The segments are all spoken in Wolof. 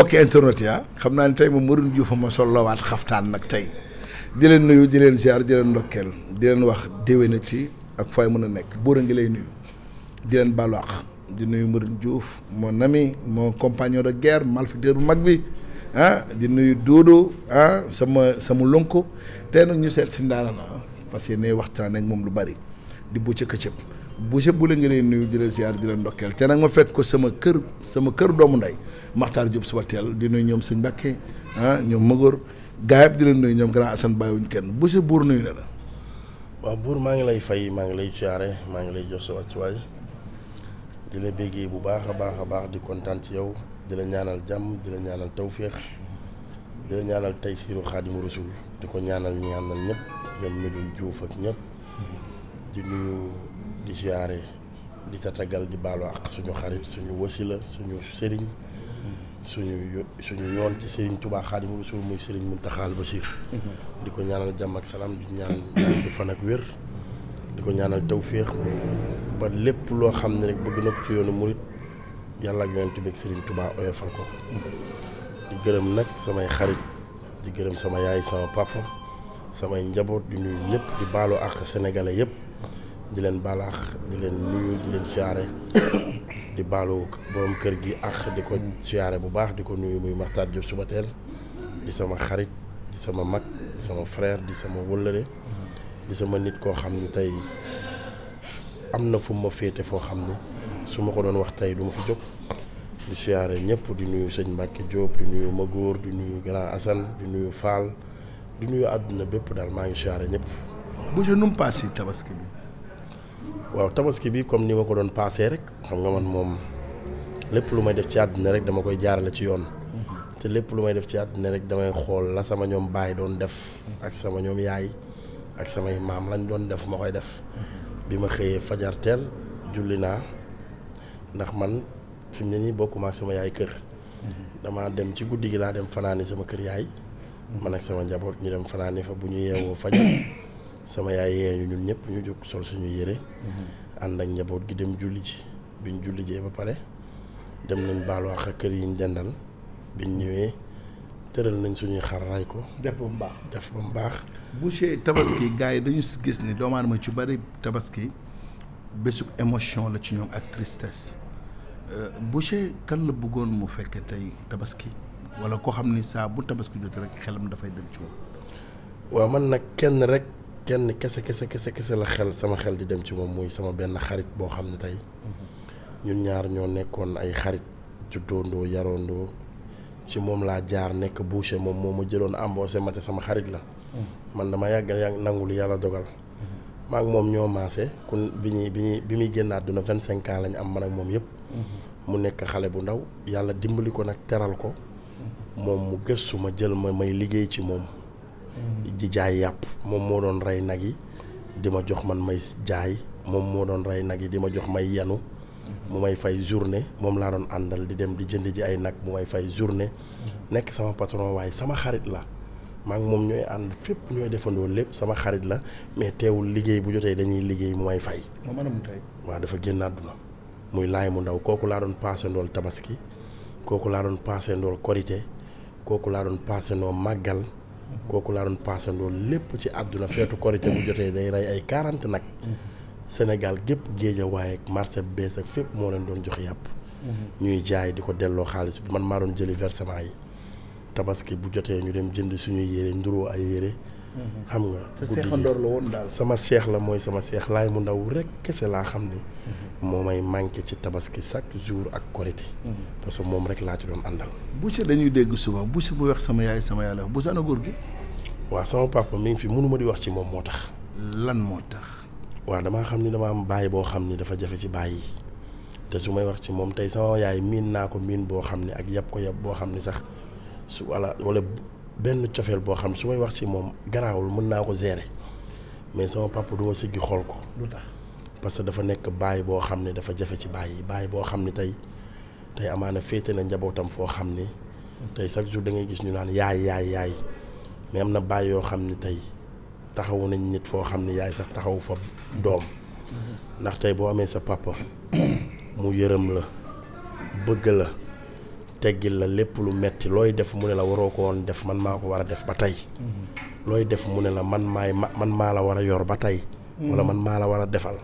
bokki internet ya xam naa ne tey moom Maroune Diouf ma sollowaat xaftaan nag tey di leen nuyu di leen ziar di leen ndokkeel di leen wax déwénati ak fooy mën a nekk buur a ngi lay nuyu di leen baalu di nuyu Maroune Diouf moo nami moo compagnon de guerre malfaiteur bu mag bi ah di nuyu Dodo ah sama sama lonko tey nag ñu seet si ndaana na parce que waxtaan ak moom lu bari di bu ca këccëg bu bu la nga leen nuyu di di leen ndokkeel te nag fekk ko sama kër sama kër doomu ndey Makhtar Diop suba teel di nuyu ñoom sëñ Mbàkke ah, ñoom Magor gaa yëpp di leen nuyu ñoom grand Assane bàyyiwuñ kenn bu buur nuyu waaw buur maa ngi lay fay maa ngi lay ziare maa ngi lay jox sa wàccuwaay di la béggee bu baax a baax a baax di kontaan ci yow di la ñaanal jàmm di la ñaanal tawféex di la ñaanal taysiiru Xaadimu Rasuul di ko ñaanal ñaanal ñëpp ñoom Medoune Diouf ak ñëpp di nuyu. di ziare di tatagal di baalo ak suñu xarit suñu wasila suñu sëriñ suñu suñu yoon ci sëriñ Touba Xaadimu Rasuul muy sëriñ Muntaxa al Bachir di ko ñaanal jàmm ak salaam di ñaan ñaan du fan ak wér di ko ñaanal tawféex ba lépp loo xam ne rek bëgg na fi ci yoonu murit yàlla ak yonent bi ak sëriñ Touba oyofal ko di gërëm nag samay xarit di gërëm sama yaay sama papa samay njaboot di nuyu ñëpp di baalu àq sénégalais yëpp di leen balaax di leen nuyu di leen siyaare di baalu borom kër gi ak di ko siyaare bu baax di ko nuyu muy Makhtar Diop teel di sama xarit di sama mag di sama frère di sama wëllëre di sama nit koo xam ni tey am na fu ma féete foo xam ni su ma ko doon wax tey du ma fi jóg di siyaare ñëpp di nuyu sëñ Mbacke Diop di nuyu Magóor di nuyu Grand Assane di nuyu Fall di nuyu àdduna bépp daal maa ngi siyaare ñëpp. monsieur nu mu paase tabaski bi. waaw tabaski bi comme ni ma ko doon paasee rek xam nga man moom lépp lu may def ci àddina rek dama koy jaarale ci yoon. Mm-hmm. te lépp lu may def ci àddina rek damay xool la sama ñoom baay doon def. ak sama ñoom yaay ak samay maam lañ doon def ma koy def. Mm-hmm. bi ma xëyee fajar teel julli naa ndax man fi mu ne nii bokkuma ak sama yaay kër. Mm-hmm. damaa dem ci guddi gi laa dem fanaani sama kër yaay. man ak sama njaboot ñu dem fanaani fa bu ñu yeewoo fajar. sama yaay yee ñu ñun ñëpp ñu jóg sol suñu yére mm-hmm. ànd ak njaboot gi dem julli ji biñ julli jee ba pare dem nañ baalu àq ak kër yi ñu dendal biñ ñëwee tëral nañ suñuy xar ko. def ba mu baax def ba tabaski gars yi dañu gis ni doomu aadama ci bari tabaski bésub émotion la ci ñoom ak tristesse euh, boucher kan la bëggoon mu fekkee tey tabaski wala koo xam ni saa bu tabaski jotee rek xelam dafay dem ci moom. waaw man nag kenn rek. kenn kese kese kese kese la xel sama xel di dem ci moom muy sama benn xarit boo xam ne tey ñun ñaar ñoo nekkoon ay xarit juddoondoo yaroondoo ci moom laa jaar nekk boucher moom moo ma jëloon ambose ma te sama xarit la man dama yàgg yàgg nangu lu yàlla dogal maa moom ñoo maase kun bi ñuy bi ñuy bi muy génn àdduna vingt cinq ans lañu am man ak moom yëpp mu nekk xale bu ndaw yàlla dimbali ko nag teral ko moom mu gëstu ma jël ma may liggéey ci moom ji jaay yàpp moom moo doon rey nag yi di ma jox man may jaay moom moo doon rey nag yi di ma jox may yenu mu may fay journée moom laa doon àndal di dem di jënd ji ay nag mu may fay journée nekk sama patron waaye sama xarit la maa ngi moom ñooy ànd fépp ñooy defandoo lépp sama xarit la mais teewul liggéey bu jotee dañuy liggéey mu may fay. waa dafa génn àdduna muy laay mu ndaw kooku laa doon paase ndool tabaski kooku laa doon paase ndool korité kooku laa doon paase ndool màggal kooku laa doon paasandoo lépp ci àdduna feetu korite bu jotee day rey ay quarante nag Sénégal gépp géej a waaye marché bees ak fépp moo leen doon jox yàpp ñuy jaay di ko delloo xaalis bi man maa doon jëli versement yi tabaski bu jotee ñu dem jënd suñuy yére nduroo ay yére xam nga te seexandoor la daal sama seex la mooy sama seex laay mu ndaw rek kese laa xam ni mhm. moo may manqué ci tabaski chaque jour ak korité mhm. parce moom rek laa ci doon àndal Boucher dañuy dégg souvent Boucher bu weex sama yaay sama yàlla bu Boucher ana góor gi waaw sama papa mi ngi fi mënuma di wax ci moom moo tax lan moo tax waaw damaa xam ni dama am baay boo xam ni dafa jafe ci baay yi te su may wax ci moom tey sama yaay miin naa ko miin boo xam ne ak yàpp ko yàpp boo xam ne sax su wala wala benn cofeel boo xam ne su may wax ci moom garaawul mën naa ko gérer mais sama papa du ma siggi xool ko. lu tax parce que dafa nekk baay boo xam ne dafa jafe ci baay yi baay boo xam ne tey tey amaana féete na njabootam foo xam ne tey chaque jour da ngay gis ñu naan yaay yaay yaay mais am na baay yoo xam ne tey taxawu nañ nit foo xam ne yaay sax taxawu fa doom mm-hmm. ndax tey boo amee sa papa mu yërëm la bëgg la. teggil la lépp lu metti looy def mu ne la waroo koon def man maa ko war a def ba tey mm-hmm. looy def mu ne la man maay ma man maa la war a yor ba tey wala mm-hmm. man maa la war a defal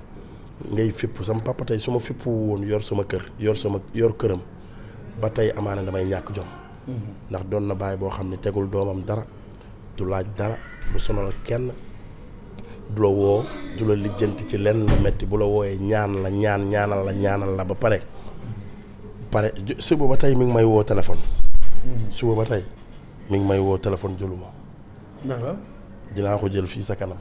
ngay fipp sama papa su ma fippu woon yor sama kër yor sama yor këram ba tey amaane damay ñàkk jom mm-hmm. ndax doon na baay boo xam ne tegul doomam dara du laaj dara du sonal kenn du la woo du la lijjanti ci lenn lu metti bu la wooyee ñaan la ñaan ñaanal la ñaanal la ba pare pare suba ba tey mi ngi may woo téléphone. Hmm. suba ba tey mi ngi may woo téléphone jëluma. d'accord dinaa ko jël fii sa kanam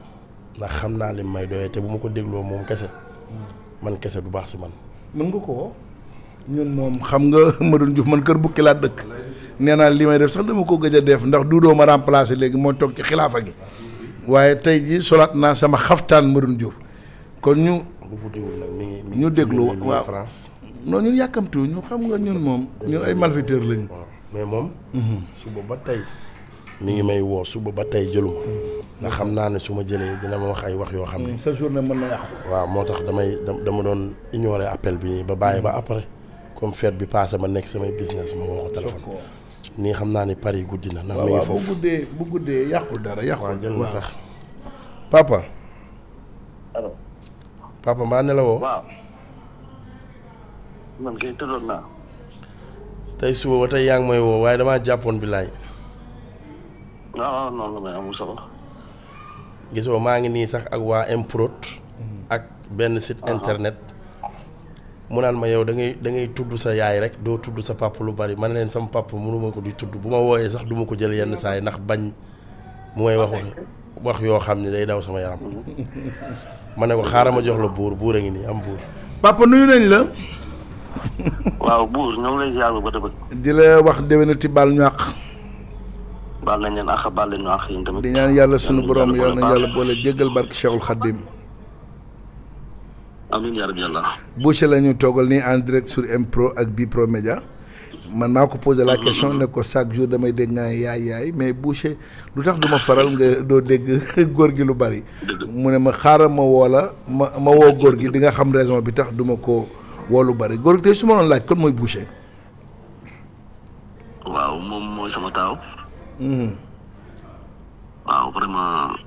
ndax xam naa li may doyee te bu ma ko dégloo moom kese. Hmm. man kese du baax si man. mën nga ko ñun moom xam nga ma Madoune Diouf man kër bukki laa dëkk nee naa li may def sax dama ko gëj a def ndax duudoo ma remplacer léegi moo toog ci xilaafa gi waaye tey jii solaat naa sama xaftaan Madoune Diouf kon ñu. bu nag mi ngi ñu déglu waaw France. non ñun ñu xam nga ñun moom. ñun ay malfaiteurs lañu. mais moom. Mhm. suba ba tey. mi ngi may woo suba ba tey jëluma ndax xam naa ne su ma jëlee dina ma wax ay wax yoo xam ne. Mhm. sa journée mën na yàqu. waaw moo tax damay dama doon ignorer appel bi ñuy ba bàyyi ba après comme fête bi passé ma nekk samay business ma woo ko téléphone. nii xam naa ne Paris guddi na. ndax mi ngi foofu bu guddee bu guddee yàqul dara yàqul. jël ma sax papa. allo. papa maa ne la man kay tëddoon naa. tey suba ba tey yaa ngi may woo waaye damaa jàppoon bi laay. waaw waaw noonu la may amul solo. gisoo maa ngi nii sax ak waa Improd. Mhm. ak benn sit internet. mu naan ma yow da ngay da tudd sa yaay rek doo tudd sa papa lu bari man leen sama papa mënuma ko di tudd bu ma wooyee sax duma ko jël yenn saa yi ndax bañ mu may wax wax yoo xam ni day daw sama yaram. Mhm. ma ne ko xaaral ma jox la buur buur a ngi nii am buur. papa nuyu nañ la. waaw buur ñoo ngi lay di la wax déwénati baal ñu àq. baal nañ leen àq baal leen ñu àq di ñaan yàlla sunu borom yal na yàlla boole jéggal barke Cheikhul Khadim. amiin yaa rabbi yàlla. Boucher la ñu toogal nii en direct sur Impro ak Bipro Média man maa ko posé la question ne ko chaque jour damay dégg nga yaay yaay mais Boucher lu tax du ma faral nga doo dégg góor gi lu bari. mu ne ma xaaral ma woo la ma ma woo góor gi di nga xam raison bi tax duma ko. woo lu bëri góor su ma doon laaj kon mooy Boucher. waaw moom mooy sama taaw. Mhm. waaw vraiment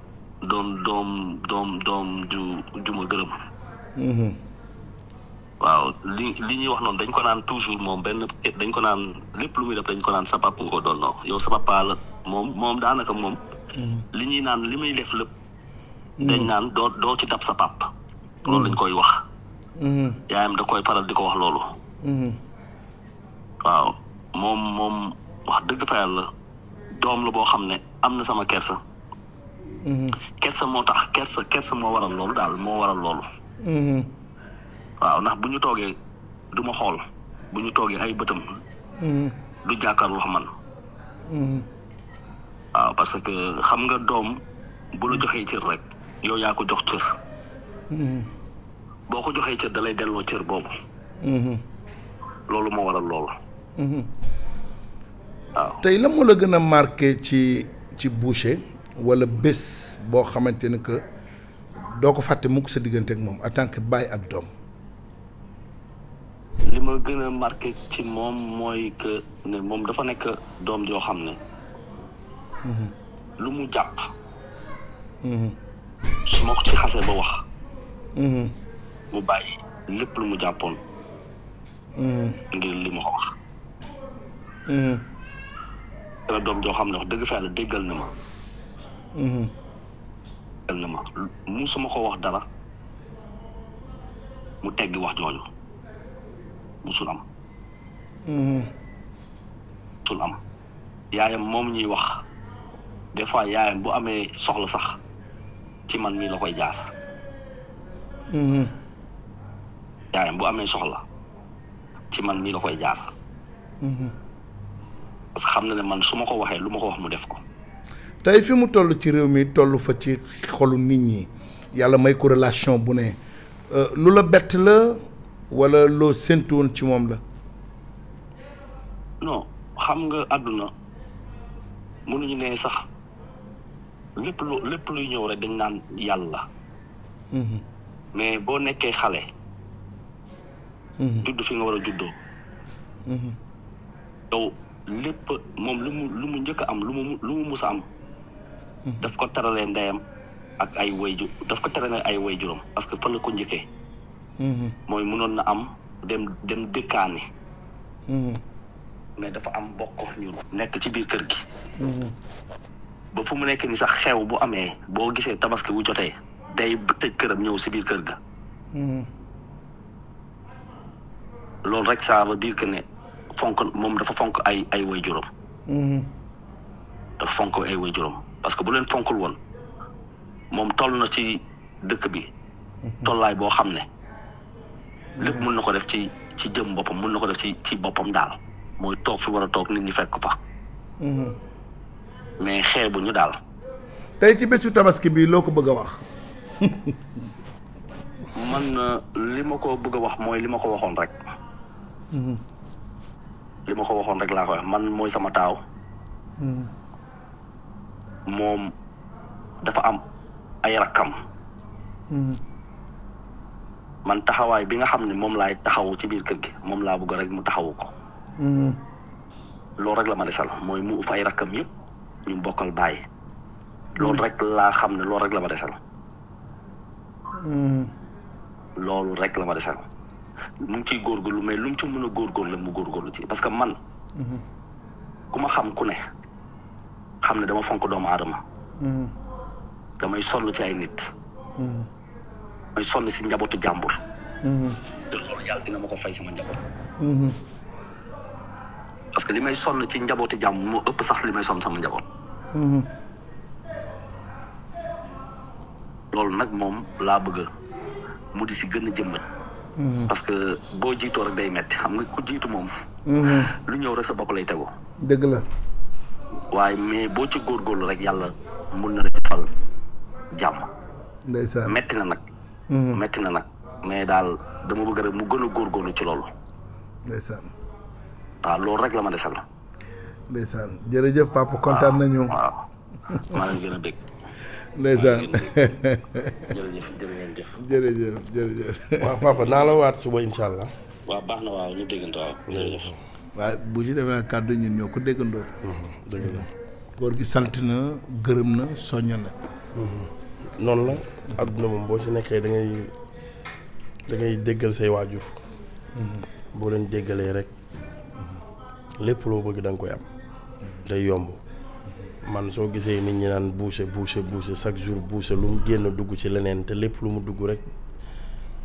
doom doom doom doom ju ju ma gërëm. Mhm. waaw li li ñuy wax noonu dañ ko naan toujours moom benn dañ ko naan lépp lu muy def dañ ko naan sa papa nga ko doon noo yow sa papa la moom moom daanaka moom. Mhm. li ñuy naan li muy def lëp dañ naan doo doo ci dab sa papa. loolu lañ koy wax. Mm-hmm. yaayam da koy faral di ko wax loolu. Mm-hmm. waaw moom moom wax dëgg fa la doom la boo xam ne am na sama kersa. Mm-hmm. kersa moo tax kersa kersa moo waral loolu daal moo waral loolu. waaw ndax bu ñu toogee du ma xool bu ñu toogee ay bëtam. du jàkkaarloo man. waaw parce que xam nga doom bu la joxee cër rek yow yaa ko jox cër. boo ko joxee cër dalay delloo cër boobu mhm. loolu moo waral loolu mhm. waaw tey lan moo la gën a marke ci ci Boucher wala bés boo xamante ne que doo ko fàtte mukk sa diggante ak moom en tant que ak doom li ma gën a marqué ci moom mooy que ne moom dafa nekk doom joo xam ne mhm. lu mu jàpp su ma ko ci xase ba wax mu bàyyi lépp lu mu jàppoon. Hmm. ngir li ma ko wax. Hmm. dana doom joo xam ne wax dëgg fa yàlla déggal na ma. Hmm. déggal na ma musuma ko wax dara mu teggi wax jooju musul am. musul am yaayam moom ñuy wax des fois yaayam bu amee soxla sax ci man mii la koy jaar. yaayam bu amee soxla ci man mii la koy jaar. Mhm. parce xam na ne man su ma ko waxee lu ma ko wax mu def ko. tey fi mu toll ci réew mi tollu fa ci xolu nit ñi yàlla may ko relation bu ne euh, lu la bett la walla loo séntu ci moom la. no xam nga àdduna mënuñu ne sax lépp lu lépp luy ñëw rek dañ naan yàlla. Mhm. mais boo nekkee xale. judd mhm. fi nga war a juddoo mhm. yow lépp moom lu mu lu mu njëkk am lu mu lu mu mus am mhm. daf ko teralee ndeyam ak ay wayju daf ko teralee ay woy wayjuram parce que fa la ko njëkkee mooy mënoon na am dem dem dëkkaani mais dafa am bokk ñun nekk ci biir kër gi ba fu mu nekk ni sax xew bu amee boo gisee tabaski wu jotee day tëj këram ñëw si biir kër ga loolu rek ça veut dire que ne fonk moom dafa fonk ay ay way juróom mm-hmm. dafa fonk ay way juróom parce que bu leen fonkul woon moom toll na ci dëkk bi mm-hmm. tollaay boo xam ne lépp mun mm-hmm. na ko def ci ci jëm boppam mun na ko def ci ci boppam daal mooy toog fi war a toog nit ñi fekk fa mais xeebu ñu daal tey ci bésu tabaski bi loo ko bëgg a wax man euh, li ma ko bëgg a wax mooy li ma ko waxoon rek Mm-hmm. li ma ko waxoon rek laa ko wax man mooy sama taaw mm-hmm. moom dafa am ay raqam mm-hmm. man taxawaay bi nga xam ne moom laay taxawu ci biir kër gi moom laa bëgg rek mu taxawu ko loolu rek la ma desal mooy mu uf ay rakkam yëpp ñu mbokkal bàyyi loolu rek laa xam ne loolu rek la ma desal loolu rek la ma desal mu ngi ciy góorgóorlu mais lu mu ci mën a góorgóorlu mu góorgóorlu ci parce que man. Mhm. ku ma xam ku ne xam ne dama fonk doomu aadama. Mhm. damay sonn ci ay nit. Mhm. damay sol si njabootu jàmbur. te loolu yàlla fay sama njaboot. que li may sol ci njabootu jàmbur moo ëpp sax li may sol sama njaboot. loolu nag moom laa bëgg mu di si gën a jëmbat. Mm-hmm. parce que boo jiitoo rek day metti xam nga ko jiitu moom. Mm-hmm. lu ñëw rek sa bopp lay tegu. dëgg la. waaye mais boo ci góor góorlu rek yàlla mun na la ci fal jàmm. ndeysaan metti na nag. Mm-hmm. metti na nag mais daal dama bëgg rek mu gën góor góorlu ci loolu. ndeysaan. waaw loolu rek la ma desal. ndeysaan jërëjëf papa kontaan nañu. waaw maa ngi gën a bég. ndeysaan jërëjëf jërëjëf jërëjëf jërëjëf. waaw papa naa la waat suba incha allah. baax na waaw ñu déggantoo waaw bu ci defee kàddu ñun ñoo ko déggandoo. Mm-hmm, dëgg gi sant na gërëm na soññ na. Mm-hmm. noonu la adduna moom boo ci nekkee da ngay da ngay déggal say waajur. Mm-hmm. boo leen déggalee rek lépp loo bëgg da koy am. day yomb. man soo gisee nit ñi naan boucher boucher boucher chaque jour boucher lu mu génn dugg ci leneen te lépp lu mu dugg rek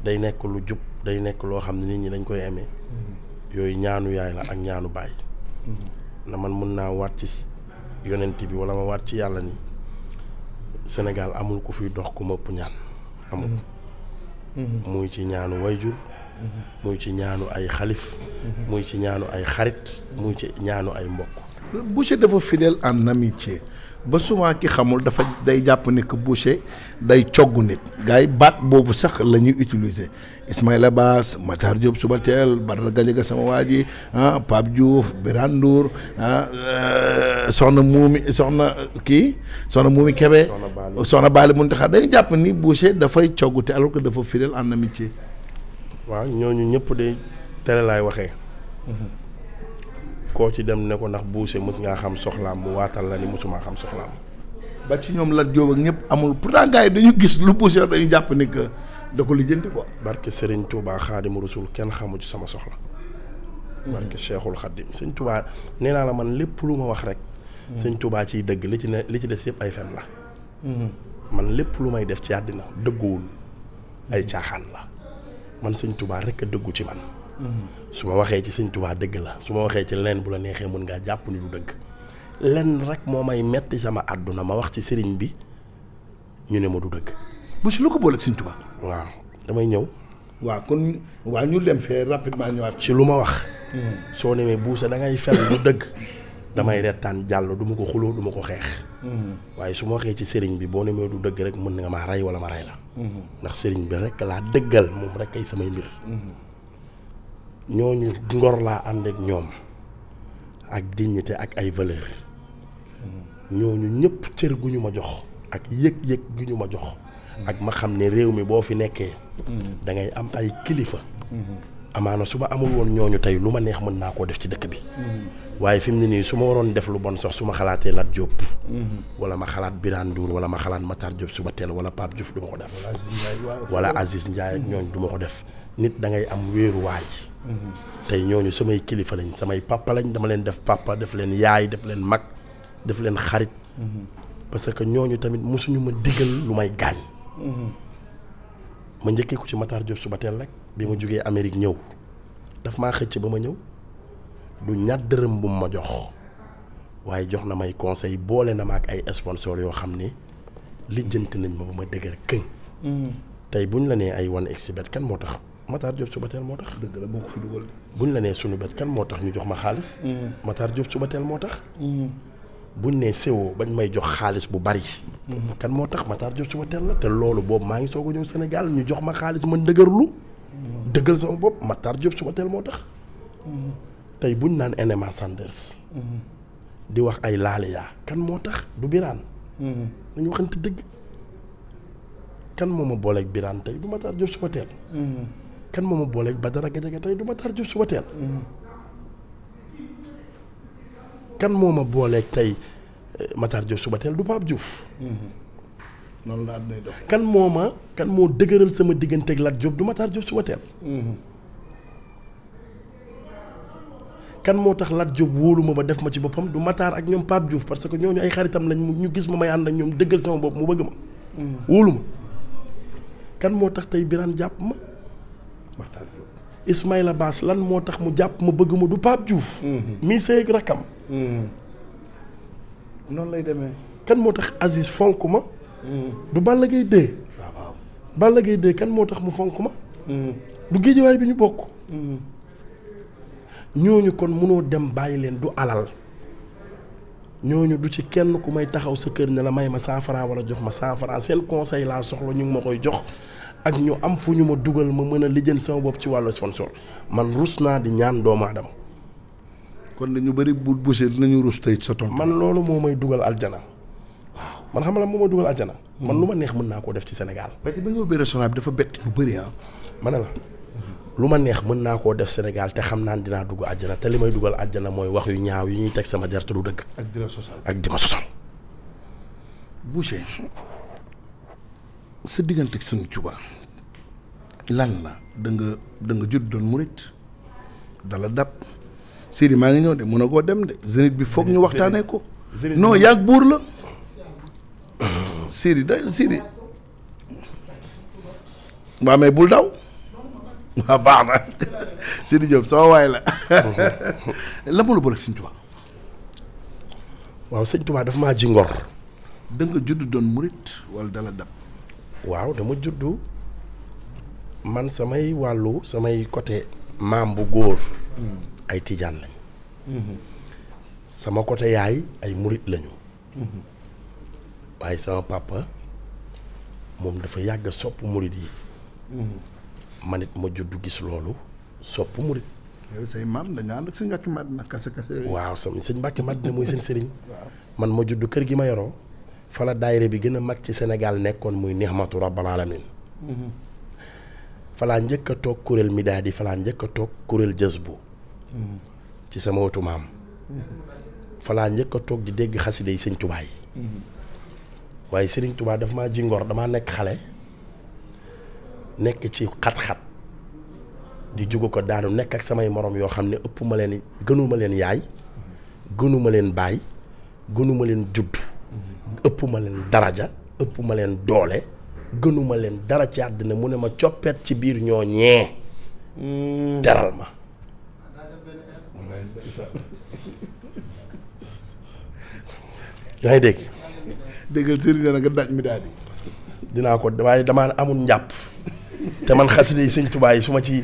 day nekk lu jub day nekk loo xam ne nit ñi dañ koy amee mm-hmm. yooyu ñaanu yaay la ak ñaanu baay mm-hmm. na man mun naa waat ci yonent bi wala ma waat ci yàlla ni Sénégal amul ku fiy dox ku mëpp ñaan amul mm-hmm. muy ci ñaanu way wayjur muy ci ñaanu ay xalif muy ci ñaanu ay xarit muy ci ñaanu ay mbokk Boucher dafa fidèle en amitié ba souvent ki xamul dafa day jàpp ne que Boucher day cogg nit gars yi baat boobu sax la ñuy utiliser Ismaïla Bass Matar Diop Soubatel Badara Gadiaga sama waa ji ah Pape Diouf Birane Ndour ah euh, soxna Moumi soxna kii soxna Moumi Kébé soxna Bali Muntaxa dañu jàpp ni Boucher dafay cogg te alors que dafa fidèle en amitié waaw ñooñu ñëpp de tere laay waxee mhm. koo ci dem ne ko ndax buuse mës ngaa xam soxlaam mu waatal la ni mosumaa xam soxlaam ba ci ñoom la jóob ñépp amul pourtant gars dañu gis lu buuse dañu jàpp ni que da ko lijjanti quoi barke Serigne Touba Xaadimu Rasul kenn xamu ci sama soxla barke Cheikhul Xaddim sëñ Touba nee naa la man lépp lu ma wax rek sëñ Touba ciy dëgg li ci ne li ci des yëpp ay fen la man lépp lu may def ci àddina dëgguwul ay caaxaan la man sëñ Touba rekk a dëggu ci man su ma waxee ci sëñ Tuubaa dëgg la su ma waxee ci leneen bu la neexee mën ngaa jàpp ni du dëgg lenn rek moo may metti sama àdduna ma wax ci sëriñ bi ñu ne ma du dëgg. bu si lu ko boole ak sëñ Tuubaa. waaw damay ñëw. waaw kon waa ñu dem fee rapidement ñëwaat. si lu ma wax. Hmm. soo demee buusa da ngay fel du dëgg. damay rettaan jàll du ma ko xuloo du ma ko xeex. Hmm. waaye su ma waxee ci sëriñ bi boo demee du dëgg rek mën nga maa rey wala ma rey la. Hmm. ndax sëriñ bi rek dëggal moom rek kay samay ñooñu ngor laa ànd ak ñoom ak dignité ak ay valeur ñooñu ñëpp cër gu ñu ma jox ak yëg-yëg gu ñu ma jox ak ma xam ne réew mi boo fi nekkee dangay am ay kilifa amaana su ma amul woon ñooñu tey lu ma neex mën naa koo def ci dëkk bi waaye fi mu ne nii su ma waroon def lu bon sax su ma xalaatee Lat Diop wala ma xalaat Birane Ndour wala ma xalaat Matar Diop suba teel wala Pape Diouf du ma ko def wala Aziz Ndiaye ak ñooñ du ko def nit da ngay am waa tey ñooñu samay kilifa lañ samay papa lañ dama leen def papa def leen yaay def leen mag def leen xarit. parce que ñooñu tamit mosuñu ma digal lu may gaañ. ma njëkkee ko ci Matar Diop suba teel rek bi ma jógee Amérique ñëw daf maa xëcc ba ma ñëw du ñaat dërëm bu ma jox waaye jox na may conseil boole na ma ak ay sponsor yoo xam ni lijjanti nañ ma ba ma dëgër këñ. Hmm. tey buñ la nee ay wan exhibit kenn moo tax. Matar Diop Subatel moo tax. dëgg la boo ko fi dugal. buñ la nee sunu bët kan moo tax ñu jox ma xaalis. Mm-hmm. Matar Diop Subatel moo tax. Mm-hmm. buñ nee CO bañ may jox xaalis bu bari. Mm-hmm. kan moo tax Matar Diop Subatel la loolu boobu maa ngi soog a ñëw ñu jox ma xaalis ma dëgërlu. dëggal sama bopp Matar Diop Subatel moo tax. tey buñ naan NMA Sanders. di wax ay laaliyaa kan moo tax du biraan nañu waxante dëgg. kan moo ma booleeg Birane tey du Matar Diop Subatel. kan moo ma booleeg Badara Gadiaga tey du ma Matar Diouf suba teel. moo eh, ma booleeg tey Matar Diouf suba teel du Pape Diouf. Mm-hmm. noonu la kan moo ma kan moo dëgëral sama digganteeg Lat Diop du Matar Diouf suba teel. Mm-hmm. kan moo tax Lat Diop wóolu ma ba def ma ci boppam du Matar ak ñoom Pape Diouf parce que ñooñu ay xaritam lañ ñu gis ma may ànd ak ñoom dëggal sama bopp mu bëgg ma. Mm-hmm. wóolu kan moo tax tey Birane jàpp ma. Ismaïla baas lan moo tax mu jàpp ma bëgg ma du Pape juuf mhm. mii sëy ak rakam. Mhm. noonu lay demee. kan moo tax Aziz fonk ma. Mhm. du Balla Gaye dee. waaw ah, waaw Balla Gaye dee kan moo tax mu fonk ma. du géejewaay bi ñu bokk. ñooñu kon mënoo dem bàyyi leen du alal ñooñu du ci kenn ku may taxaw sa kër ne la may ma 100 francs wala jox ma 100 francs seen conseil laa soxla ñu ngi ma koy jox. ak ñu am fu ñu ma dugal ma mën a lijjën sama bopp ci wàllu sponsor man rus naa di ñaan doomu aadama kon ñu bari dañu bëri bu busee dinañu rus tey sa tontu man loolu moo may dugal aljana waaw man xam la moo may dugal aljana hmm. man lu ma neex mën naa koo def ci Sénégal ba nga ubbee restaurant bett ñu bëri ah. ma ne lu ma neex mën naa koo def Sénégal te xam naan dinaa dugg àjjana te li may dugal àjjana mooy wax yu ñaaw yu ñuy teg sama der te du dëgg ak di la sosal ak di ma sosal sa diggante ak sëñ Tuuba lan la da nga da nga judd doon murit dala dab Sidi maa ngi ñëw de mun a koo dem de Zénith bi foog ñu waxtaanee ko. noo yàgg buur la. Sidi da Sidi. waa mais bul daw. waa baax na Sidi Diop waay la. la ma la boole sëñ Tuuba. waaw sëñ Tuuba dafa maa ji ngor. da judd doon murit wala dala dab. waaw dama juddu man samay wàllu samay côté maam bu góor hmm. ay tijaan lañ hmm. sama côté yaay ay murit lañu hmm. waaye sama papa moom dafa yàgg soppu sopp murit yi man it ma juddu gis loolu sopp murit say maam dañu ànd ak sëñ Mbàkke Madina kase kase waaw sama sëñ Mbàkke Madina mooy seen sëriñ man ma juddu kër gi ma yoroo fala la bi gën a mag ci Sénégal nekkoon muy nixmatu rabbal alamin mhm. falaa njëkk a toog kuréel midaad di falaa njëkk a toog kuréel jës bu mhm. ci sama wetu maam mhm. falaa njëkk a toog di dégg xasida yi sëñ tubaa waaye sëriñ tubaa dafa ma ji ngor damaa nekk xale nekk ci xat-xat di jugu ko daanu nekk ak samay moroom yoo xam ne ëpp ma leen gënuma leen yaay gënuma leen baay gënuma leen judd ëpp ma leen daraja ëpp leen doole gënuma leen dara ci àddina mu ne ma coppet ci biir ñoo ñee hmm. teral ma yaa ngi dégg déggal sëriñ na dinaa ko waaye damaa amul njàpp te man xasida yi sëñ Tuubaa yi su ma ci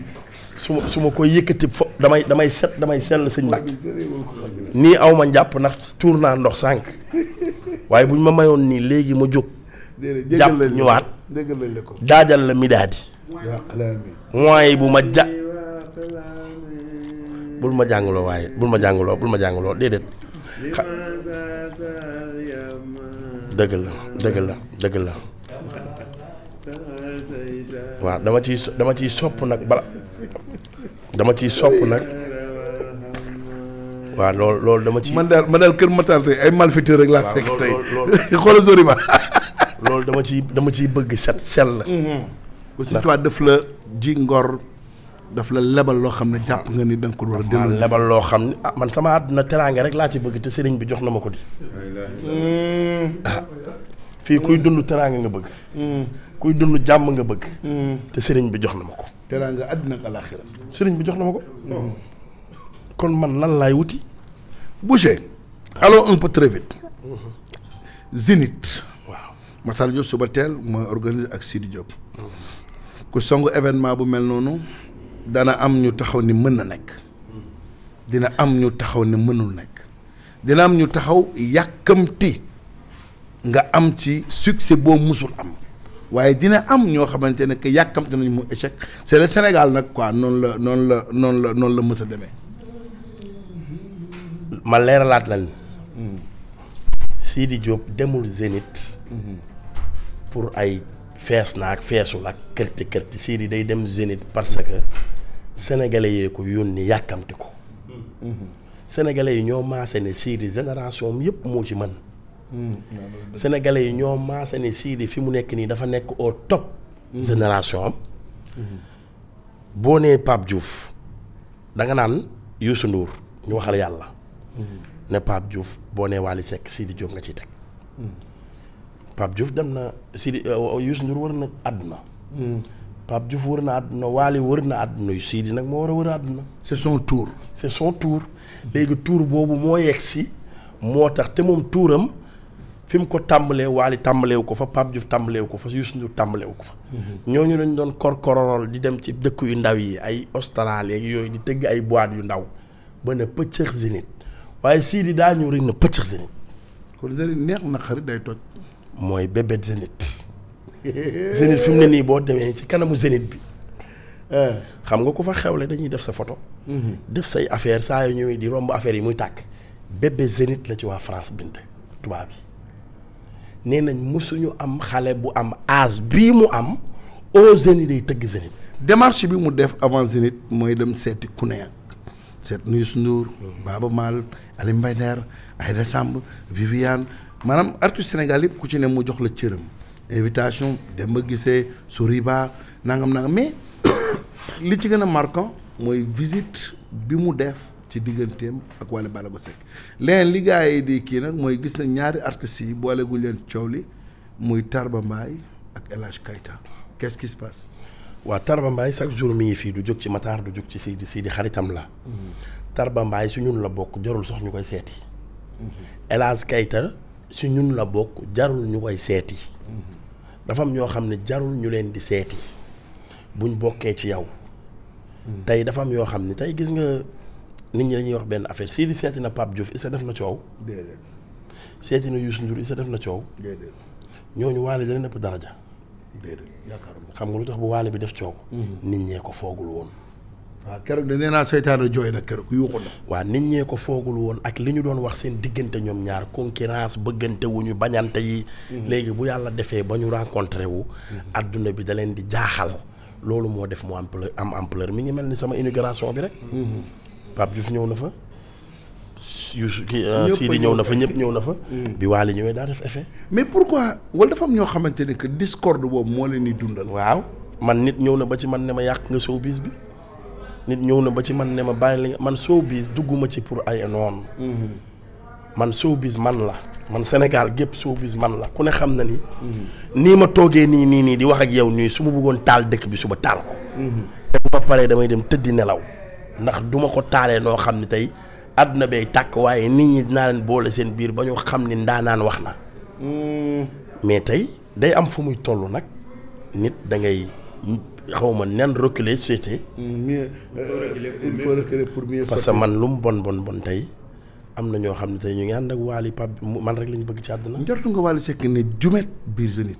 su ma su ma koy yëkkati fo damay damay set damay sell sëñ Mbàkke nii awma njàpp ndax tuur naa ndox sànq waaye bu ñu ma mayoon nii léegi ma jóg. jàpp ñëwaat daajal la midaadi. mooy bu ma ja. bul ma jàngaloo waaye bul ma jàngaloo bul ma jàngaloo déedéet. dëgg la dëgg la dëgg la. waaw dama ciy dama ciy sopp nag bala dama ciy sopp nag. waaw lool loolu dama ci. man daal man daal Kër Matar tey ay malfaiteur rek laa fekk tey xoolal Zoriba. loolu dama ci dama ciy bëgg set sell. Mhm. aussi toi daf la ji ngor daf la lebal loo xam ne jàpp nga ni da nga ko war lebal loo xam ne ah man sama àdduna teraange rek laa ci bëgg te sëriñ bi jox na ma ko di. Mhm. Ah. fii kuy dund teraange nga bëgg. Mhm. kuy dund jàmm nga bëgg. te sëriñ bi jox na ma ko. teraanga àdduna ak alaaxira sëriñ bi jox na ma ko. kon man lan laay wuti Boucher allons un peu très vite waaw Matar Diop suba teel mooy organiser ak Sidi Diop ku songu événement bu mel noonu dana am ñu taxaw ni mën na nekk dina am ñu taxaw ni mënul nekk dina am ñu taxaw yàkkamti nga am ci succès boo musul am waaye dina am ñoo xamante ne que yàkkamti nañ mu échec c'est Sénégal nag quoi noonu la noonu la noonu la noonu la mës demee man leeralaat lan Sidi Diop demul Zénith pour ay fees na ak feesul ak kërti kërti Sidi day dem Zénith parce que sénégalais yee ko yónni yàkkamti ko sénégalais yi ñoo maase ne Sidi génération am yëpp moo ci mën sénégalais yi ñoo maase ne Sidi fi mu nekk nii dafa nekk au top génération am boo nee Pape Diouf da nga naan Youssou Ndour ñu waxal yàlla Mm-hmm. ne Pape Diouf boo nee Wally Seck di Diop nga ci teg. Mm-hmm. Pape Diouf dem na Sidi euh, Youssou Ndour wër na àdduna. Mm-hmm. Pape Diouf wër na àdduna Wally wër na àdduna yu Sidi nag moo war a wër àdduna. c'est son tour. c'est son tour léegi tour boobu moo yegg si moo tax te moom tuuram fi mu ko tàmbalee Wally tàmbaleewu ko fa Pape Diouf tàmbaleewu ko fa Youssou Ndour tàmbaleewu ko fa. ñooñu lañ doon korkororol di dem ci dëkk yu ndaw yi ay Australie yooyu di tëgg ay boîte yu ndaw ba ne waaye Sidi daa ñëw rek na pëccëx Zénith. kon Zénith neex na xarit day toj. mooy bébét Zénith. Zénith fi mu ne nii boo demee ci kanamu Zénith bi. Eh. xam nga ko fa xewle dañuy def sa photo. Mhm. def say affaire saa yoo ñëwee di romb affaire yi muy tàkk. bébé Zénith la ci waa France binde tubaab yi nee nañ mosuñu am xale bu am ase bii mu am au Zénith day tëgg Zénith. démarche bi mu def avant Zénith mooy dem seeti Kuneya. seet Youssou Ndour Baaba mal Ali Mbaye Nder Viviane maanaam artiste Sénégal yëpp ku ci ne mu jox la cëram invitation dem ba gisee Soriba nangam nangam mais li ci gën a marquant mooy visite bi mu def ci digganteem ak Wally Ballago Seck leneen li yi di kii nag mooy gis na ñaari artistes yi boole gu leen coow li muy Tarba Mbaye ak El Hadj Keita quest qui se waa Tarba Mbaye chaque jour mi ngi fii du jóg ci mataar du jóg ci Seydi Seydi xaritam la mm-hmm. Tarba Mbaye su ñun la bokk jarul sax ñu koy seeti mm-hmm. El Hadj si ñun la bokk jarul ñu koy seeti mm-hmm. dafa am ñoo xam ne jarul ñu leen di seeti buñ bokkee ci yow tey dafa am yoo xam ne tey gis nga nit ñi dañuy wax benn affaire Seydi seeti na Pape Diouf sa def na coow seeti na Youssou Ndour sa def na coow ñooñu waale da leen ëpp daraja déedéet xam nga lu tax bu waalo bi def coow. Mm-hmm. nit ñee ko foogul woon. waaw keroog de nee naa seytaane jooy na keroog yuuxu na. waaw nit ñee ko foogul woon ak li ñu doon wax seen diggante ñoom ñaar concurrence bëggante wu ñu bañante yi. Mm-hmm. léegi bu yàlla defee ba ñu rencontré wu. Mm-hmm. adduna bi da leen di jaaxal. loolu moo def mu ampleur am ampleur mi ngi mel ni sama inigration bi rek. Pape Diouf ñëw na fa. yu kii euh, di ñëw na fa ñëpp ñëw na fa. Mm. bi waali ñëwee daa def effet. mais pourquoi wala dafa am ñoo xamante ne que discorde boobu moo leen di dundal. waaw man nit ñëw na ba ci man ne ma yàq nga showbiz bi nit ñëw na ba ci man ne ma bàyyi la nga man showbiz dugguma ci pour ay noonu. Mm-hmm. man showbiz man la man senegal gépp showbiz man la ku ne xam na ni. Mm-hmm. nii ma toogee nii nii nii di wax ak yow nii su ma bëggoon taal dëkk bi suba taal ko. Mm-hmm. te bu ma paree damay dem tëddi nelaw ndax noo xam ni tey. àdduna bay tàkk waaye nit ñi dinaa boole seen biir ba ñu xam ni ndaanaan wax na. Hmm. mais tey day am fu muy toll nag nit dangay xawma xaw ma nen reculer souhaité. Hmm, mieux euh, il pour mieux parce que man lu mu bon bon bon tey am na ñoo xam ne tey ñu ngi ànd ak Wally Pape man rek lañu bëgg ci àdduna. njortu nga Wally Seck ne jumet biir sa nit.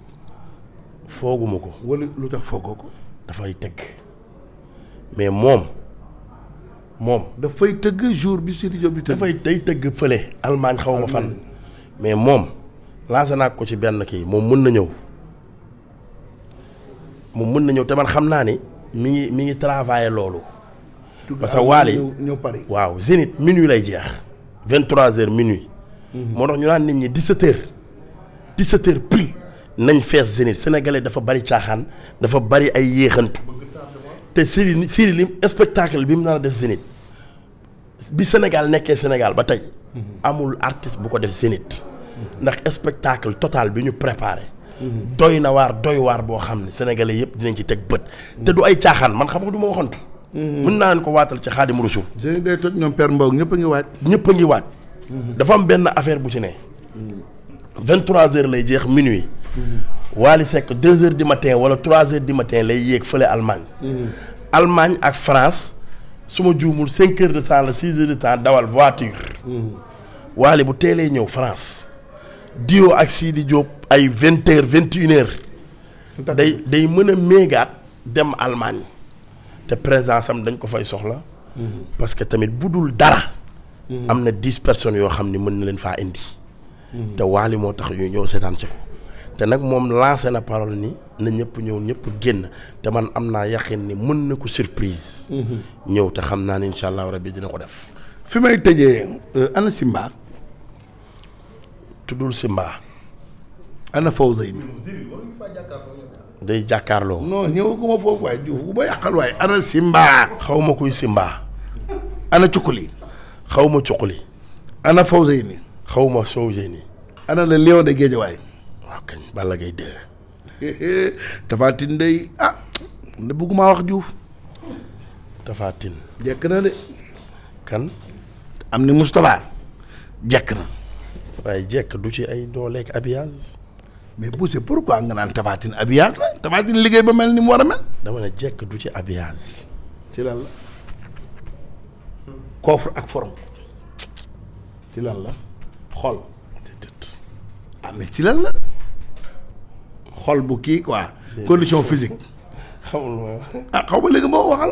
fooguma ko. wala lu tax foogoo ko. dafay teg mais moom. moom dafay tëgg jour bi Sidi Diop di tëgg. dafay day tëgg fële Allemagne xaw fan. mais moom lancé naa ko ci benn kii moom mën na ñëw moom mën na ñëw te man xam naa ni mi ngi mi ngi travailler loolu. parce que Waly ñëw Paris waaw Zénith minuit lay jeex. 23h minuit. Mhm. moo tax ñu naan nit ñi 17h. 17h pile nañ fees Zénith sénégalais dafa bari caaxaan dafa bari ay yéexantu. te Siri Siri lim spectacle bi mu nar def Zénith bi Sénégal nekkee Sénégal ba tey. amul artiste bu ko def Zénith. ndax spectacle total bi ñu préparé. doy na waar doy waar boo xam ne sénégalais yëpp dinañ ci teg bët. te du ay caaxaan man xam nga du ma waxantu. mun naa leen ko waatal ci Xaadim Rasul. Zénith day toj ñoom ñëpp a ngi waaj. ñëpp a ngi waaj. dafa am benn affaire bu ci ne. 23h lay jeex minuit. Mm-hmm. Wally Seck deux heures du matin wala trois heures du matin lay yéeg fële Allemagne. Mm-hmm. Allemagne ak France su ma juumul cinq heures de temps la six heures de temps dawal voiture. Mm-hmm. Wally bu teelee ñëw France. Dio ak Sidi Diop ay vingt heures day day mën a méegaat dem Allemagne te présence am dañ ko fay soxla. parce que tamit bu dul dara. am na dix personnes yoo xam ni mën na leen faa indi. te Wally moo tax yu ñëw seetaan si ko. te nag moom lancé na parole ni na ñëpp ñëw ñëpp génn te man am naa yaqin ni mën na ko surprise. Mm-hmm. ñëw te xam naa ne incha allahu rabi dina ko def. fi may tëjee euh, ana Simba. tuddul Simba. ana Fawzeyni. day jàkkaarloo. non ñëwaguma foofu waaye jiw bu ma yàqal waaye ana Simba. xaw ma kuy Simba. ana Cuquli. xaw ma Cuquli. ana Fawzeyni. xaw ma Fawzeyni. ana le lion de Guédiawaye. kañ Balla Gaye 2 Tapha Tine day ah ne bëgguma wax Diouf Tapha jekk na de kan am ni Moustapha jekk na waaye jekk du ci ay dooleeg habillage mais Bousse pourquoi nga naan Tapha Tine habillage la Tapha liggéey ba mel ni mu war a mel dama ne jekk du ci habillage ci lan la coffre ak forme ci lan la xool ah ci lan la xol bu kii quoi. condition physique. xamul ah, xaw ma léegi moo waxal.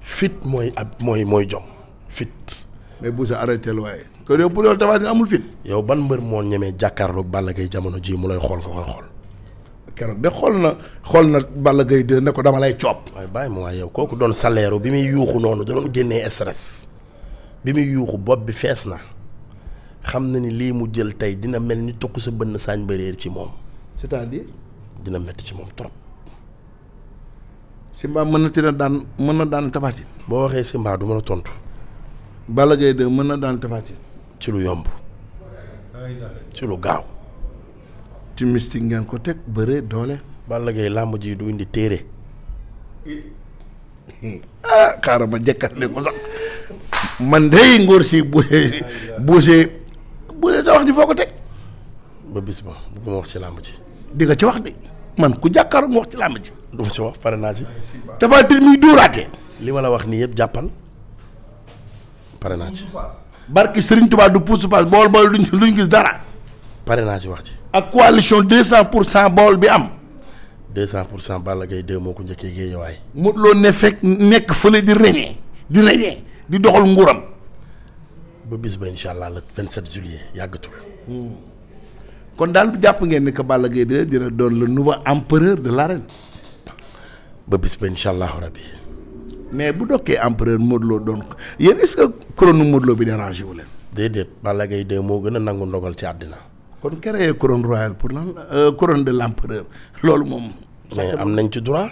fit mooy ab mooy mooy jom. fit. mais bu sa arrêté waaye. kon yow pour yow Tapha amul fit. yow ban mbër moo ñemee jàkkaarloog Balla Gaye jamono jii mu lay xool nga koy xool. keroog de xool na xool na Balla Gaye de ne ko dama lay coob. waaye bàyyi ma waaye yow kooku doon salaire bi muy yuuxu noonu da doon génnee stress bi muy yuuxu bopp bi fees na xam na ni lii mu jël tey dina mel ni tokk sa bënn saañ ba ci moom. cest à dina métti ci moom trop. Simba mën na dina daan mën na daan Tapha boo waxee Simba du mën a tontu. Balla Gaye mën na daan Tapha ci lu yomb. ci lu gaaw. ci ngeen ko teg bëre doole. Balla Gaye làmb ji du indi téere. ah xaaral ma ko sax man dey ngóor si buuse buuse sa wax ji foo ko teg. ba bis ba bu wax ci làmb di nga ci wax de man ku jàkkaaroo nga wax ci làmb ji. du ci wax pare naa ci. Tapha Tine muy dóoraatee. li ma la wax nii yëpp jàppal pare naa ci. barki Serigne Touba du pousse passe bool bool luñ luñ gis dara. pare naa ci wax ci. ak coalition deux cent pour cent bool bi am. deux cent pour cent Balla gay 2 moo ko njëkkee Géejawaay. Modou Lo ne fekk nekk fële di reñee di reñee di doxal nguuram. ba bis ba incha allah le 27 juillet yàggatul. Hmm. kon daal jàpp ngeen ni que Balla Gaye 2 dina doon le nouveau empereur de l'arène ba bis ba incha allahu rabbi mais bu dokkee empereur Modou Lo doon yéen est-ce que couronne Modou Lo bi dérangé wu leen. déedéet Balla Gaye moo gën a nangu ndogal ci àddina. kon créer couronne royale pour lan euh, couronne de l'empereur loolu moom. mais am nañ ci droit.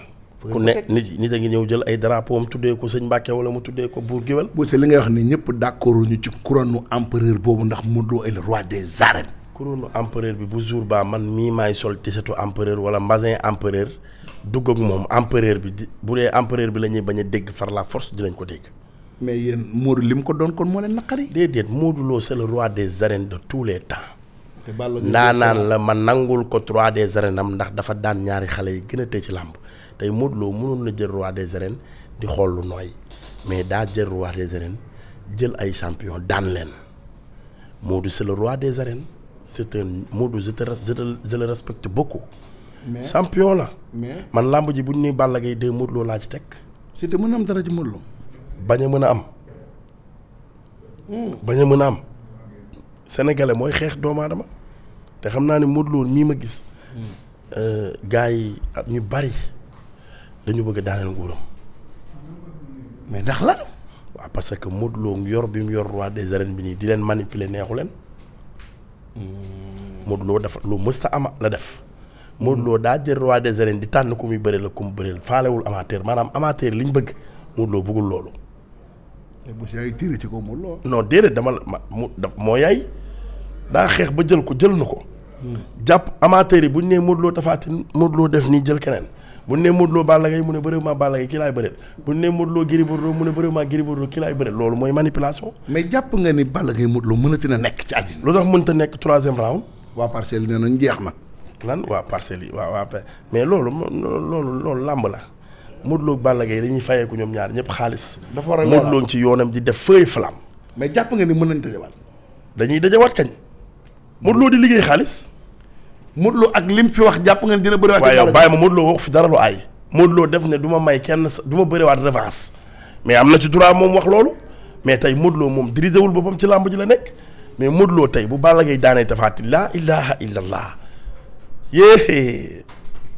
ku ne nit nit a ngi ñëw jël ay drapeau am tuddee ko sëñ Mbàkke wala mu tuddee ko buur géwél. bu si li ngay wax ni ñëpp d'accord ñu ci couronne empereur boobu ndax Modou Lo est des arènes. couronne empereur bi bu jour baa man mii maay sol tisetu empereur wala mbasin empereur dugg ak moom empereur bi bu dee empereur bi la ñuy bañ a dégg far la force dinañ ko dégg. mais yéen Modou li mu ko doon kon moo leen naqari. déedéet Modou Lo c'est le roi des arènes de tous les temps. te ndaanaan la ma nangul ko trois des arènes am ndax dafa daan ñaari xale yi gën a tëj ci làmb tey Modou Lo mënoon na jël roi des arènes di xool lu nooy mais daa jël roi des jël ay champion daan leen Modou c'est le roi des arènes. c'est un Modou je te je le mais champion la. mais man làmb ji bu ñu nee Balla Gaye de Modou laa ci teg. Siteu mën a am dara bañ a mën a am. Hmm. bañ a mën a am. sénégalais mooy xeex doomu aadama te xam naa ne Modou Lo ma gis. Hmm. Euh, gars yi ñu bari dañu bëgg a daaneel nguuram. mais ndax la. waaw parce que Modou Lo yor bi mu yor roi des arènes bi nii di leen manipuler neexu leen. Modou Lo dafa lu mës a am la def. Modou daa jël roi des arènes di tànn ku muy bëri la ku mu bëri faalewul amateur maanaam amateur liñ bëgg Modou Lo bëggul loolu. mais boss yaay tiire ci kaw Modou déedéet dama la ma mu moo yaay daa xeex ba jël ko jël na ko. Hmm. jàpp amateur yi bu ñu nee Modou Lo Tapha Tine def nii jël keneen. bu ne Modou Lo Balla Gaye mu ne bëréwumaa Balla Gaye kii laay bëréel bu ne Modou Lo Gris mu ne bëréwumaa Gris Bordeaux kii laay loolu mooy manipulation mais jàpp nga ni Balla Gaye Modou Lo mënati na nekk ci àddina lu tax mënta nekk troisième round waa parcelle yi nee nañ na lan waa parcelle yi waaw waa mais loolu loolu loolu làmb la Modou Lo Balla Gaye dañuy fayeeku ñoom ñaar ñëpp xaalis Modou Lo ci yoonam di def feuille flamme mais jàpp nga ni mën nañ dajawaat dañuy dajawaat kañ Modou Lo di liggéey xaalis Modou Lo ak lim fi wax jàpp nga ne dina bëriwaat. waaw yow bàyyi ma Modou Lo fi dara lu ay Modou def ne duma may kenn duma du ma bëriwaat revanche mais am na ci droit moom wax loolu mais tey Modou moom dirigé wul boppam ci làmb ji la nekk mais Modou Lo tey bu Balla Gaye daanee tafaati laa ilaha illallah yéehe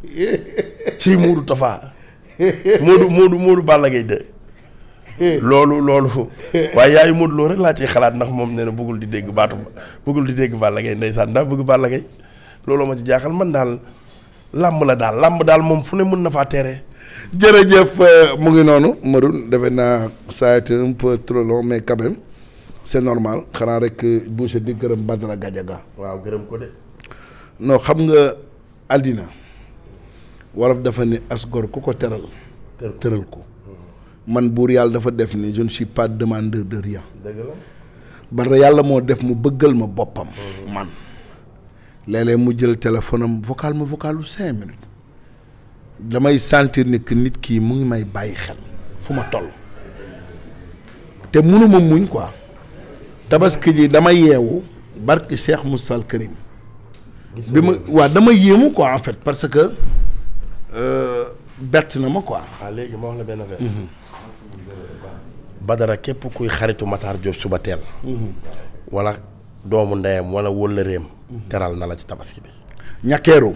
ci Modou Tafa Modou Modou Modou de loolu loolu waaye yaayu Modou Lo rek laa ciy xalaat ndax moom nee na di dégg baatu bëggul di dégg Balla Gaye ndeysaan ndax bëgg Balla Gaye looloo ma ci jaaxal man daal làmb la daal làmb daal moom fu ne mën na faa tere. jërëjëf euh, mu ngi noonu Modou defe naa ça a été mais quand même c'est normal xanaa rek euh, boucher di gërëm Badara Gadiaga waaw gërëm ko de. xam nga àddina wolof dafa ne as gor ku ko teral. tëral ko hmm. man buur yàlla dafa def ni je ne suis pas demandeur de rien. dëgg la. yàlla moo def mu bëggal ma boppam. Hmm. man. léeg mu jël téléphone am vocal ma vocalu cinq minutes damay sentir ni nit kii mu ngi may bàyyi xel fu ma toll te mënuma muñ quoi tabaski ji dama yeewu barki Cheikh mu Karim bi ma waaw dama yéemu quoi en fait parce que euh, bett na ma quoi. ah léegi mhm. Badara képp kuy xaritu Matar Diop suba teel. Mhm. wala. doomu ndeyam wala wëllëreem teral na la ci tabaski bi ñakkeeru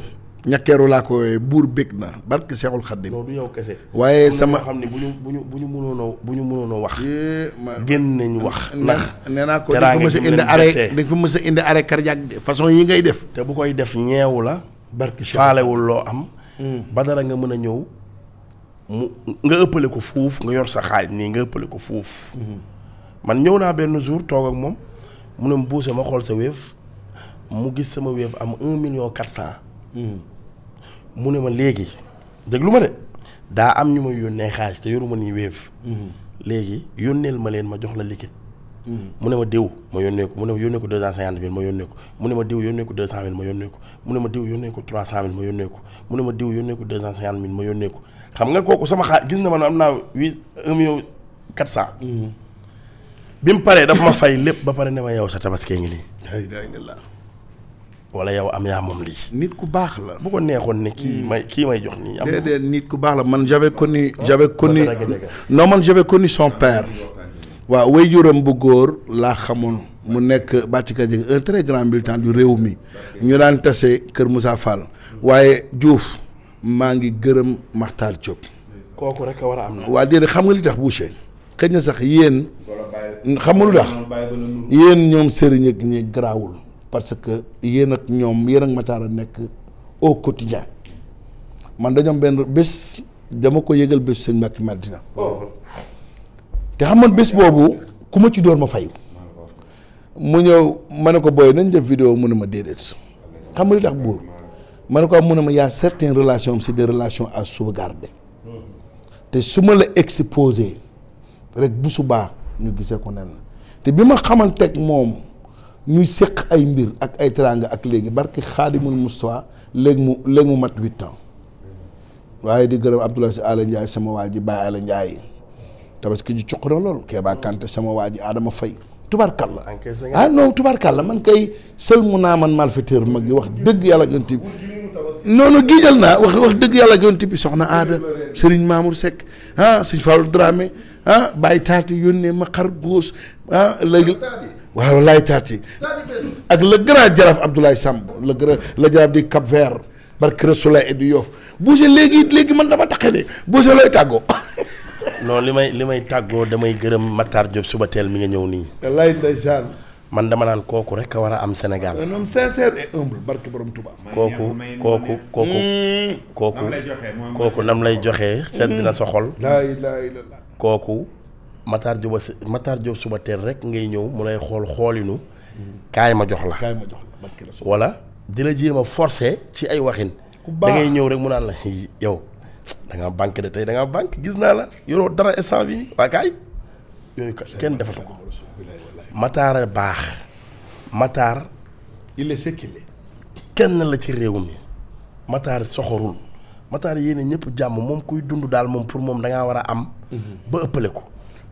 ñakkeeru laa koy buur bég na barke seexul xaddim non du yow kese waaye sama xam ne bu ñu bu ñu bu ñu mënoonoo bu ñu mënoonoo wax eh, génn nañu wax ndax nee naa ko dafa mës a indi arrêt dafa façon yi ngay def te bu koy def ñeewu la barke faalewul loo am hmm. ba dara nga mën a ñëw mu nga ëppale ko fuuf nga yor sa xaaj nii nga ëppale ko fuuf hmm. man ñëw naa benn jour toog ak moom mu ne bougé ma xool sa Wave mu gis sama Wave am un million quatre cent hmm. mu ne ma léegi lu ma de daa am ñu may yónnee xaalis te yoruma nii Wave hmm. léegi yónneel ma leen ma jox la liquide hmm. mu ne ma diw ma yónnee ko mu ne ma yónnee ko deux cent cinquante mille ma yónnee ko mu ne ma diw yónnee ko deux cent mille ma yónnee ko mu ne ma diw yónnee ko trois cent mille ma yónnee ko mu ne ma diw yónnee ko ma yónnee ko xam nga kooku sama xaalis gis na ma ne am naa huit un million quatre cent bi mu paree dafa ma fay lépp ba pare ne ma yow sa tabaski ngi nii. alhamdulilah. wala yow am yaa moom lii. nit ku baax la. bu ko neexoon ni hmm. kii may jox nii. am déedéet nit ku baax la man j'avais connu. Oh, j'avais connu non man j'avais connu son père. waaw waajuram bu góor laa xamoon mu nekk Bathika Dieng un très du réew mi ñu daan tase Kër Moussa Fall waaye Diouf maa ngi gërëm Makhtar Diop. kooku rek war a am na. waa déedéet xam nga li tax Boucher. xëy na sax yéen xamul ndax yéen ñoom sëriñ ak ñi garaawul parce que yéen ak ñoom yéen ak Matar a nekk au quotidien man dañoom benn bés dama ko yëgal bés sëñ Mbacké Madina te xam man bés boobu ku ma ci door ma fayu mu ñëw ma ne ko booy nañ def vidéo mu ne ma déedéet xam nga li tax buur ma ne ko am mu ne ma y'a certaines relations c'est des relation à sauvegarder te su ma la exposé rek bu subaa ñu gisee ko nen te bi ma xamanteeg moom ñuy séq ay mbir ak ay teraanga ak léegi barki xaadimul mustafa léegi mu léegi mu mat huit ans waaye di gërëm Abdoulaye si Ala Ndiaye sama waa ji Baye Ala Ndiaye tabaski ji cuq na loolu Kéba Kanté sama waa ji Adama Faye tubarkalla ah non tubarkalla man kay sël mu naa man malfaiteur mag yi wax dëgg yàlla yonent bi noonu giijal naa wax wax dëgg yàlla yonent bi soxna aada Serigne Mamour Seck ah Serigne ah bàyyi taati yónnee ma xar góos ah léegi waaw taati ak le grand jaraaf Abdoulaye Samb la grand la jaraaf di Cap Vert barke Rasulullah et du Yoff léegi léegi man dama taxalee Boucher looy tàggoo non li may li may tàggoo damay gërëm mattar Diop suba teel mi nga ñëw nii wallaay man dama daan kooku rek a war a am senegal un homme sincère kooku kooku kooku kooku hmm. kooku nam lay joxe sedd na sa hmm. xol. kooku Matar Diop Matar Diop suba teel rek ngay ñëw mu lay xool xoolinu kaay ma jox la kaay ma jox la wala di la jéem ci ay waxin da ngay ñëw rek mu naan la yow da ngaa de tey da ngaa banque gis naa la yoroo dara instant bi waa kaay yooyu kenn defatu ko Matar a baax Matar il est kenn la ci réew mi Matar soxorul Matar yéene ñëpp jàmm moom kuy dund daal moom pour moom da war a am. ba ëppale ko.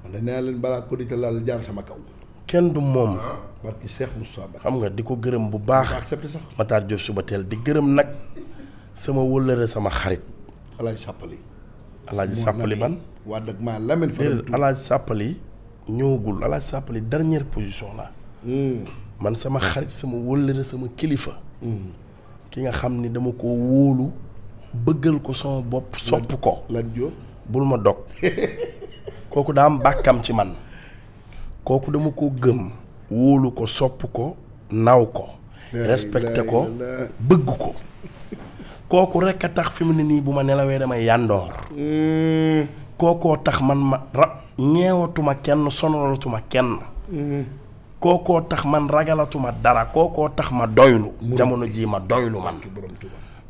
man de ko di sama kaw. kenn du moom. Ah, barki Cheikh xam nga di ko gërëm bu baax. accepté sax Matar Diop suba teel di gërëm nag sama wëllëre sama xarit. Alaaji Sàppali. Alaaji Sàppali ban. waa dëgg maa Lamine fa déedéet Alaaji Sàppali ñëwagul Alaaji Sàppali dernière position la hmm. man sama xarit sama wëllëre sama kilifa. Hmm. ki nga xam ni dama ko wóolu. bëggal ko sama bopp sopp ko lan Diop bul ma dog kooku daa am bàkkam ci man kooku dama ko gëm wóolu ko sopp ko naw ko respecté ko bëgg ko kooku rek a tax fi mu ne nii bu ma nelawee damay yàndoor hmm. kookoo tax man ma ra kenn sonalatuma kenn hmm. kookoo tax man ragalatuma dara kookoo tax ma doylu jamono ji ma doylu man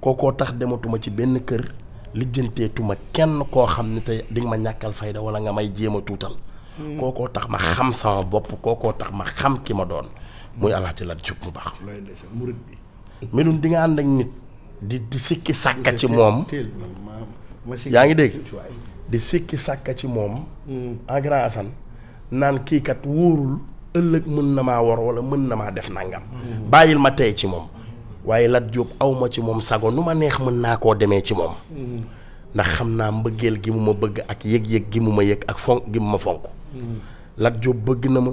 kookoo tax dematuma ci benn kër lijjanteetuma kenn koo xam ne tey di ma ñàkkal fayda wala nga may jéem a tuutal. Hmm. kookoo tax ma xam sama bopp kookoo tax ma xam ki ma doon muy Alaaji Lat Diop baax. murid bi. mais di nga nit di sikki sàkka ci moom. yaa ngi dégg di sikki sàkka ci moom. en grand naan kii kat wóorul ëllëg mën na maa war wala mën na maa def nangam. Hmm. bàyyil ma tey ci moom. waaye Lat Diop awma ci moom sago nu ma neex mën naa koo demee ci moom mm-hmm. ndax xam naa mbëggeel gi mu ma bëgg ak yëg-yëg gi mu ma yëg ak fonk gi mu ma fonk mm-hmm. Lat Diop bëgg na ma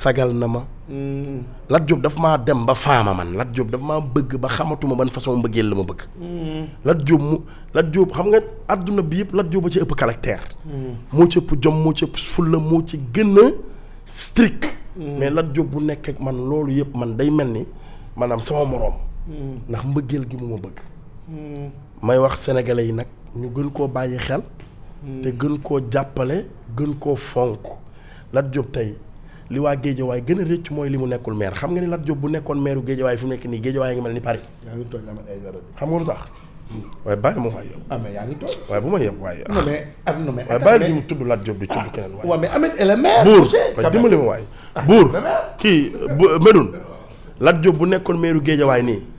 sagal na ma mm-hmm. Lat Diop daf maa dem ba faama man Lat Diop daf maa bëgg ba xamatuma ban façon mbëggeel la ma bëgg Lat mu Lat Diop xam nga àdduna bi yëpp Lat Diop ci ëpp caractère moo ci ëpp jom moo ci ëpp fulla moo ci gën a strict mais Lat Diop bu nekk ak man loolu yëpp man day mel ni maanaam sama moroom. Hmm. ndax mbëggeel gi mu ma bëgg. Hmm. may wax sénégalais yi nag ñu gën koo bàyyi xel. Hmm. te gën koo jàppale gën koo fonk Lat Diop tey li waa Géejawaay gën a rëcc mooy li mu nekkul meer xam nga ni Lat Diop bu nekkoon maire bu Géejawaay fu mu nekk nii Géejawaay nga mel ni Paris. yaa ngi tooñ ay dara xam nga lu tax. waaye bàyyi ma waay ah, bu ma yeb waaye. non mais am na bàyyi mu tudd Lat Diop di tudd keneen waaye. Ah, waaw mais Ameth est ma waay ah, buur kii Medoune. Lat Diop bu nekkoon meeru Géejawaay nii